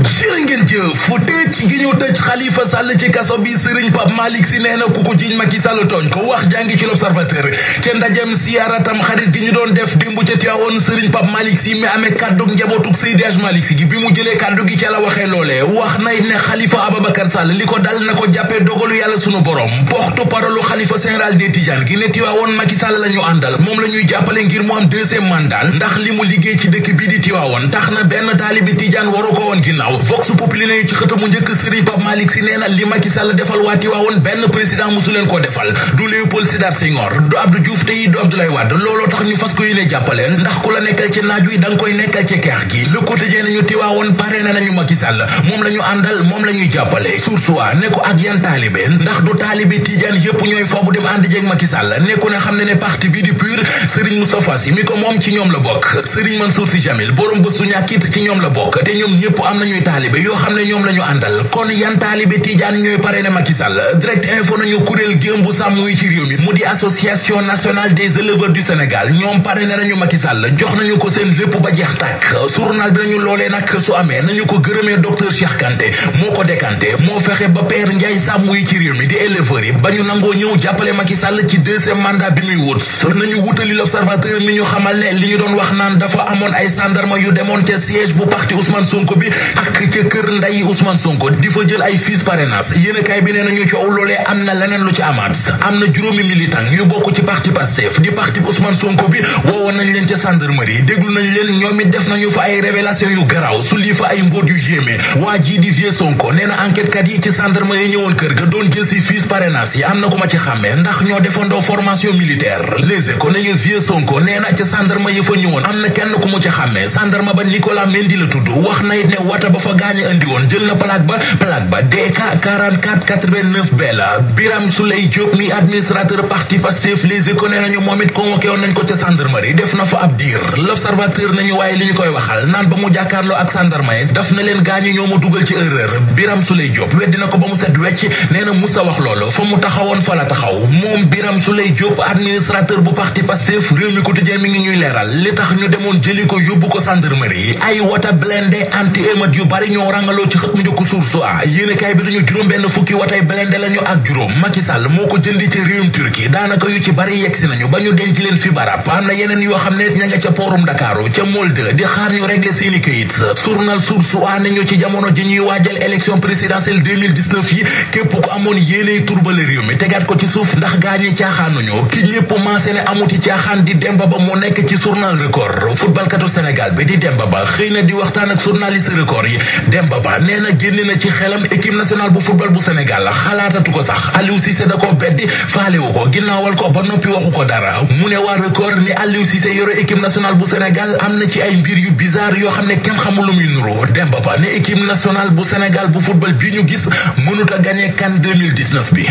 jërë ngeen jëf fu tëj gi ñu tëj Khalifa Sall ci kaso bi Serigne Pape Malick si nee na tooñ ko wax jàngi ci l'observateur ca ndajem siyaaratam xarit gi ñu doon def démb ca Tivaouane Serigne Pape Malick mi amee kàddu njabootug Seydi Hadj Malick bi mu jëlee kàddu gi ca la waxee loolee wax nay ne Khalifa Ababacar Sall li ko dal na ko jàppee dogalu yàlla sunu borom porte parole Khalifa général des Tidianes gi ne Tivaouane Macky Sall la ñu àndal moom la ñuy jàppale ngir mu am deuxième mandat ndax li mu liggéey ci dëkk bii di Tivaouane tax na benn taalibi Tidiane waru ko woon ginnaaw Vox Malick Sy nee na li Macky Sall defal waa Tiwaawoon benn président mosu leen koo defal du Léopold Sédar Senghor du Abdou Diouf te du Abdoulaye Wade looloo tax ñu fas ko yéene jàppale ndax ku la nekkal ci naaj wi da koy nekkal ci keex gi Le Quotidien nañu Tiwaawoon pare na nañu Macky Sall moom la ñu àndal moom la ñuy jàppale Source A ak yan taalibe ndax du taalibe Tidiane yëpp ñooy foobu dem ànd jeeg Macky Sall nekku ne xam ne ne parti bi di pur Serigne Moustapha moom ci ñoom la bokk Serigne Mansour Sy Jamil borom bës su ñàkkit ci ñoom la bokk te ñoom ñëpp am nañuy taalibe yoo xam ne ñoom la ñu àndal taalibe tijaan ñooy parrainé Macky Sall direct info nañu kuréel gém bu sàmm yi ci réew mi mu di association nationale des éleveurs du Sénégal ñoom parrainé nañu Macky Sall jox nañu ko seen lépp ba jeex tàkk journal bi nañu loolee nag su amee nañu ko gërëmee docteur Cheikh Kanté moo ko dékanté moo fexe ba Père Ndiaye sàmm yi ci réew mi di éleveurs yi ba ñu nangoo ñëw jàppale Macky Sall ci deuxième mandat bi muy wut nañu wutali l'observateur mi ñu xamal ne li ñu doon wax naan dafa amoon ay gendarme yu demoon ca siège bu parti Ousmane Sonko bi ak ca kër nday Ousmane Sonko di fa fiches parrainage yéenekaay bi nee nañu coow loolee am na leneen lu ci amaat am na juróomi militant yu bokk ci parti Pastef di parti Ousmane Sonko bi woowoon nañ leen ca gendarmerie déglu nañ leen ñoom it def nañu fa ay révélation yu garaaw su lii fa ay mbóot yu yéeme waa jii di vieux Sonko nee na enquête kat yi ci gendarmerie ñëwoon kër ga doon jël si fiches parrainage yi am na ku ma ci xàmmee ndax ñoo defandoo formation militaire Les Échos nañu vieux Sonko nee na ca gendarmerie yi fa ñëwoon am na kenn ku mu ci xàmmee gendarme ba Nicolas Mendy la tudd wax na it ne wata ba jël na plaque ba ba DK 44 89 B la Biram Souley Diop mi administrateur parti Pastef Les Échos ne nañu moom it convoqué woon nañ ko ca gendarmerie def na fa ab diir l'observateur nañu waaye li ñu koy waxal naan ba mu jàkkaarloo ak gendarmerie daf na leen gaañu ñoo ma dugal ci erreur Biram Souley Diop weddi na ko ba mu set wecc nee na Moussa wax loolu fa mu taxawoon fa la taxaw moom Biram Souley Diop administrateur bu parti Pastef réew mi quotidien mi ngi ñuy leeral li tax ñu demoon jëli ko yóbbu ko gendarmerie ay wota blindé anti émeute yu bari rangaloo ci yéenekaay bi dañu juróom benn fukki watay ko jëndi ci réewum Turquie daanaka A nañu ci jamono ji ñuy waajal élection présidentielle amoon yéeney turbale réew mi tegaat ko ci suuf ndax gaañi caaxaanuñu ki ñépp maasé ne amuti caaxaan di Demba Ba moo nekk ci journal Record footballkatu Sénégal bi di Demba Ba xëy na di waxtaan ak journaliste Record yi Demba Ba nee na génne na ci xelam équipe nationale bu football bu Sénégal xalaatatu ko sax Aliou Cissé da ko beddi faalewu ko ginnaawal ko ba noppi waxu ko dara mu ne waa record ni Aliou Cissé yore équipe nationale bu Sénégal am na ci ay mbir yu bizarre yoo xam ne kenn xamul lu muy nuru Demba Ba ne équipe nationale bu Sénégal bu football bi ñu gis mënut a gagné CAN 2019 bi